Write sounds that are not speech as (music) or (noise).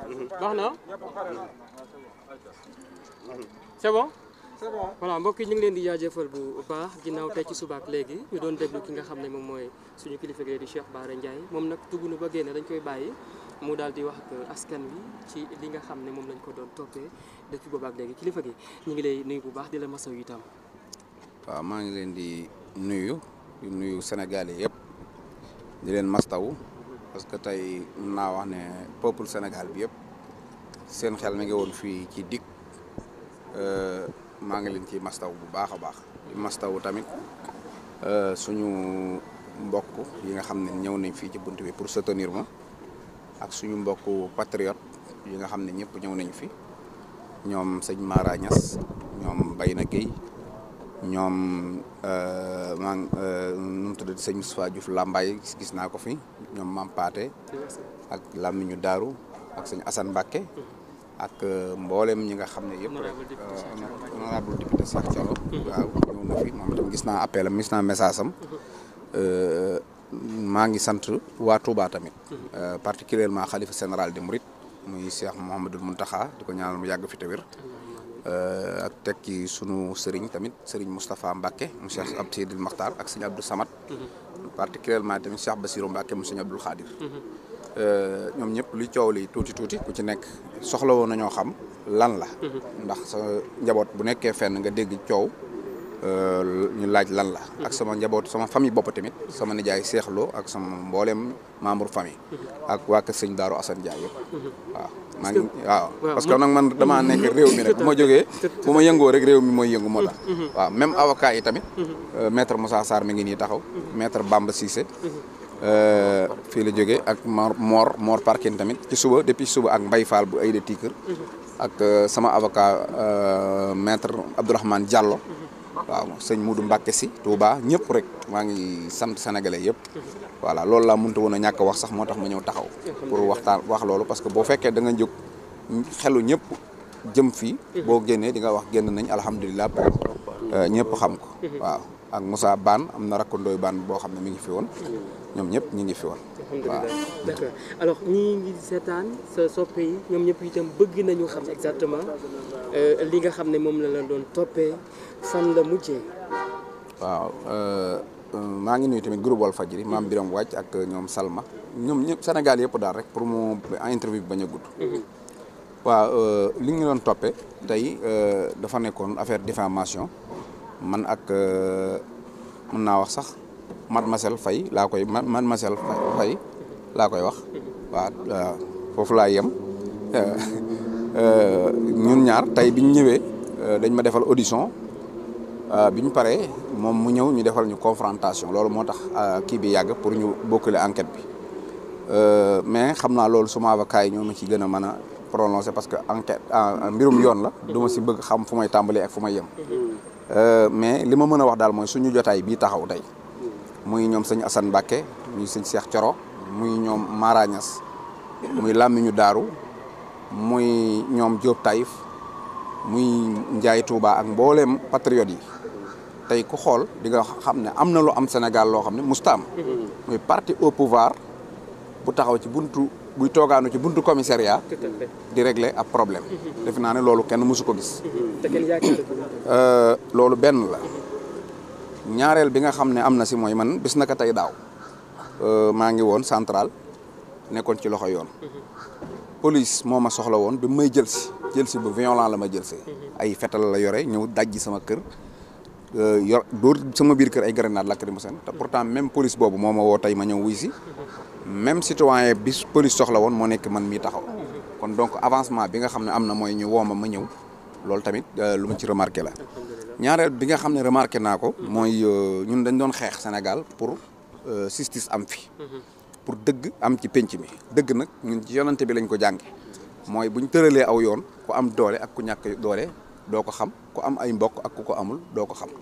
baax na c'est bon mbokk ñu ngi leen di jaajëfal bu baax ginnaaw tey ci subaak léegi ñu doon déglu ki nga xam ne moom mooy suñu kilifa gi di Cheikh Bara Ndiaye moom nag dugg na ba génn dañ koy bàyyi mu daal di wax ak askan wi ci li nga xam ne moom lañ ko doon toppee depuis boobaak léegi kilifa gi ñu ngi lay nuyu bu baax di la masaw itam waaw maa ngi leen di nuyu di nuyu Sénégalais yépp di leen mastaw parce que tey mun naa wax ne peuple Sénégal bi yëpp seen xel mi ngi woon fii ci DIC euh, maa ngi leen ci mastaw bu baax a baax di mastaw tamit euh, suñu mbokk yi nga xam ne ñëw nañ fii ci bunt bi pour soutenir ma ak suñu mbokk patriote yi nga xam ne ñëpp ñëw nañ fi ñoom sëñ Mara Niass ñoom Bayna Gueye ñoom euh, maa euh, nu mu tuddati sëñ Moustapha Diouf Lambaye gis naa ko fi ñoom Mam Paate ak Lamiñu Daaru ak sëñ Assane Mbacke ak euh, mboolem ñi nga xam ne yëpp rek honorable député Cheikh mhm. na appel am gis naa message am maa ngi sant waa Touba tamit mhm. particulièrement xalifa général de Mouride muy Cheikh Mouhamadul Mountakha di ko ñaanal mu yàgg fi te wér mhm. Euh, ak teg ci sunu sëriñ tamit sëriñ Moustapha Mbacke mu Cheikh Abdou Sidil Makhtar ak sëñ Abdou Samad. Mhm. particulièrement tamit Cheikh Bassirou Mbacke mu sëñ Abdoul Khadir. Mhm. Euh, ñoom ñëpp lu coow li tuuti tuuti ku ci nekk soxla woon nañoo xam lan la. Mhm. ndax sa njaboot bu nekkee fenn nga dégg coow. Euh, ñu laaj lan la. ak sama njaboot sama famille bopp tamit sama nijaay seexloo ak sama mboolem membre famille. ak waa kër sëñ Darou Assane Ndiaye waaw maa ngi parce que nag man damaa mm-hmm. nekk réew ma jógee (laughs) bu ma yëngoo rek réew mi mooy yëngu moo mm-hmm. même avocat yi tamit. Mm-hmm. Euh, maître Moussa Sarr mi ngi nii taxaw. maître Bamba Cissé. Euh, fii la jógee ak moor Mor Parkin tamit ci suba depuis suba ak Mbaye Fall bu ay de Tikër. ak sama avocat metre Abdourahmane Diallo. waaw sëñ mu Modou Mbacke si Touba ñëpp rek maa ngi sant sénégalais yëpp voilà loolu laa mënta woon a ñàkk wax sax moo tax ma ñëw taxaw pour waxtaan wax loolu parce que boo fekkee danga jóg xelu ñëpp jëm fii boo génnee di nga wax génn nañ alhamdulilah euh, ñëpp xam ko mhm. waaw ak Moussa Bane am na rakkandooy Bane boo xam ne mu ngi fi woon ñoom ñëpp ñu ngi fi woon. waaw d'accord ngi seetaan sa soppe yi ñoom ñëpp itam bëgg nañu xam exactement euh, li nga xam ne moom la la doon toppee fan la mujjee. waaw euh, euh, maa ngi nuyu tamit groupe Walfadjri maam Biram Wàcc ak ñoom Salma ñoom ñëpp Sénégal yëpp daal rek pour mu interview bi bañ a gudd. Mhm. waaw li ñu doon toppee tey dafa nekkoon affaire diffamation man ak euh, mën naa wax sax mademoiselle Faye laa koy mademoiselle Faye laa koy wax waaw foofu laa yem euh, euh, ñun ñaar tey biñ ñëwee dañ ma defal audition biñ paree moom mu ñëw ñu defal ñu confrontation loolu moo tax kii bi yàgg pour ñu bokkale enquête bi mais xam naa loolu suma avocat yi ñoo ma ci gën a mën a prononcé parce que enquête mbirum yoon la. du ma si bëgg xam fu may tàmbalee ak fu may yem. Euh, mais li ma mën a wax daal mooy suñu jotaay bii taxaw tey muy ñoom sëñ Assane Mbacke muy sëñ Cheikh Thioro muy ñoom Mara muy làmmiñu daaru muy ñoom Diop Taïf muy njaay Touba ak mbooleem patriotes yi tey ku xool di nga xam ne am na lu am Sénégal loo xam ne musta am mm-hmm. muy parti au pouvoir bu taxaw ci buntu buy toogaanu ci buntu commissariat. di régler ab problème. Mhm. defe naa ne loolu kenn mësu ko gis. Mhm. Euh, loolu benn la ñaareel bi nga xam ne am na si mooy man bis naka tey daaw euh, maa ngi woon central nekkoon ci loxo yoon. Mhm. police moo ma soxla woon bi may jël si jël si bu violent la ma jël si. ay fetal la yore ñëw dajji sama kër. Euh, yor dóor sama biir kër ay grenade lacrymogène te pourtant même police boobu moo ma woo tey ma ñëw wuy si même citoyen bi police soxla woon moo nekk man mii taxaw kon donc avancement bi nga xam ne am na mooy ñu wooma ma ñëw loolu tamit euh, lu ma ci remarqué la ñaareel bi nga xam ne remarqué naa ko mooy euh, ñun dañ doon xeex Sénégal pour euh, justice am fi pour dëgg am ci penc mi dëgg nag ñu ci yonante bi lañ ko jànge mooy bu ñu tëralee aw yoon ku am doole ak ku ñàkk doole doo ko xam ku am ay mbokk ak ku ko amul doo ko xam